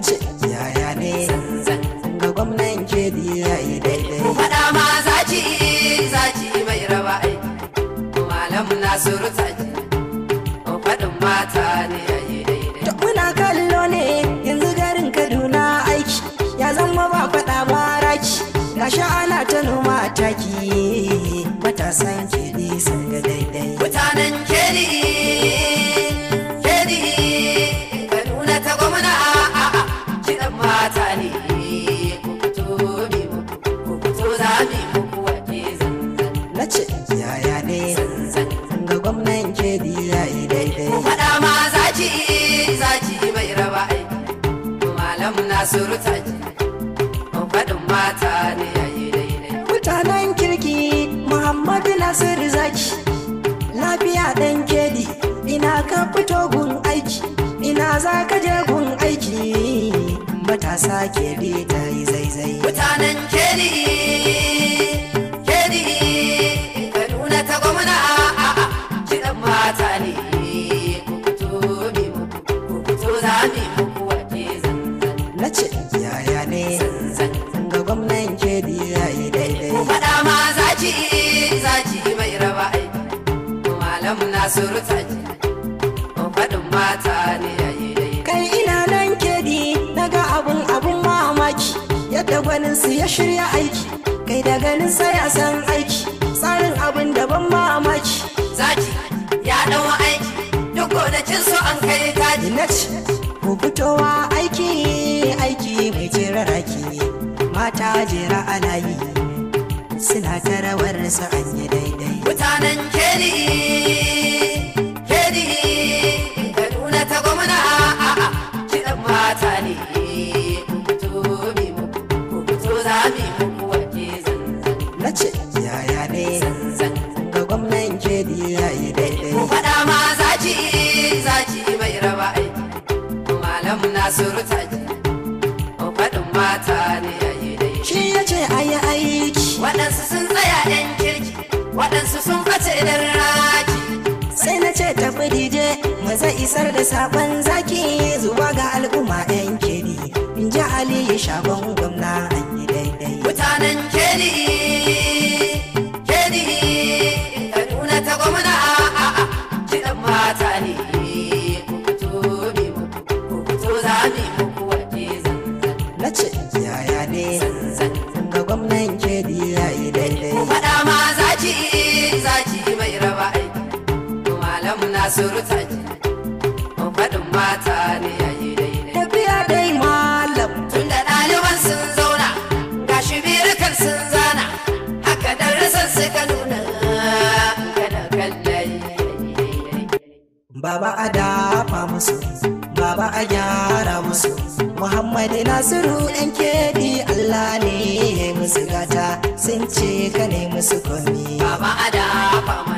ce yaya ne ga gwamnan ke ya yi daidai mu faɗa ma zaci zaci mai raba ai malam nasiru zaci faɗin mata ne ya yi daidai muna kallo ne yanzu garin kaduna aiki ya zama ba faɗa ba raki gashi ana ta noma taki matasan ke ce yaya ne ga gwamnan kedi ya yi daidai fada ma za ki za ki mai raba aiki malam nasiru ta taki faɗin mata ne ya yi daidai mutanen kirki muhammadu nasiru zaki lafiya ɗan kedi ina ka fito gun aiki ina za ka je gun aiki matasa kedi ta yi zaizai mutanen kirki na ce yaya ne ga gwamnan ke ya yi daidai ku faɗa ma zaki zaci mai raba aiki malam nasiru taji faɗin mata ne yayi daidai kai ina nan ke na ga abun abun mamaki yadda gwanin su ya shirya aiki kai da ganin sai a san aiki tsarin abin da ban mamaki Zaki ya ɗan aiki duk gonakin su an kai taji na ce ku fitowa suna karawar su an yi daidai mutanen kedi kedi kaduna ta gwamna a a kiɗan mata ne ya daidai. faɗa ma zaci zaci malam Nasiru mata ne ya yi daidai. ce waɗansu sun tsaya ɗan kirki waɗansu sun ɓace ɗan raki sai na ce tafi dije maza isar da sabon zaki zuwa ga al'umma ɗan kiri in ji ya shagon gwamna surutan faɗin mata ne yayi daidai tafiya dai malam Tun da ɗaliban sun zauna ga shibirikan sun zana haka darasan suka nuna kada kallai baba a dafa musu baba a gyara musu Muhammadu Nasiru ɗan keɗi Allah ne ya musu gata sun ce ka ne musu komi. Baba a dafa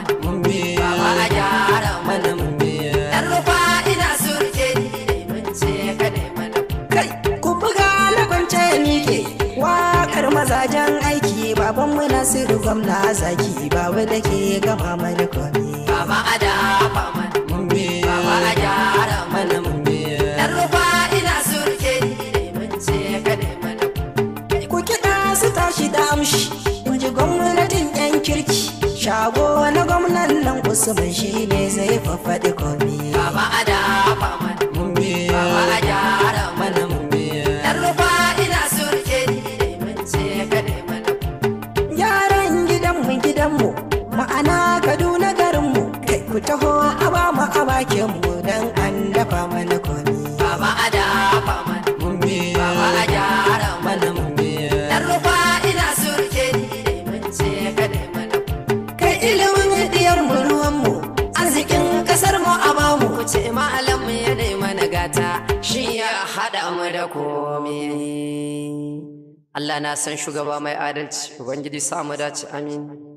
wajen aiki baban mu nasiru gwamna zaki ba wanda ke gama mana kwami mana dan rufa ina surke ne mun ce kada mana ku su tashi da amshi ji gwamnatin yan kirki shago na gwamnan nan usman shine zai fafaɗi kwami ku taho awa mu awa ke mu dan an dafa mana komi baba a dafa mana mummi baba a gyara mana mummi dan rufa ina surke ni dai mun ce ka dai mana kai ilimin diyar mu ruwan mu arzikin kasar mu a ba mu ku ce malam ya dai mana gata shi ya hada mu da komi Allah na san shugaba mai adalci Ubangiji samu dace amin.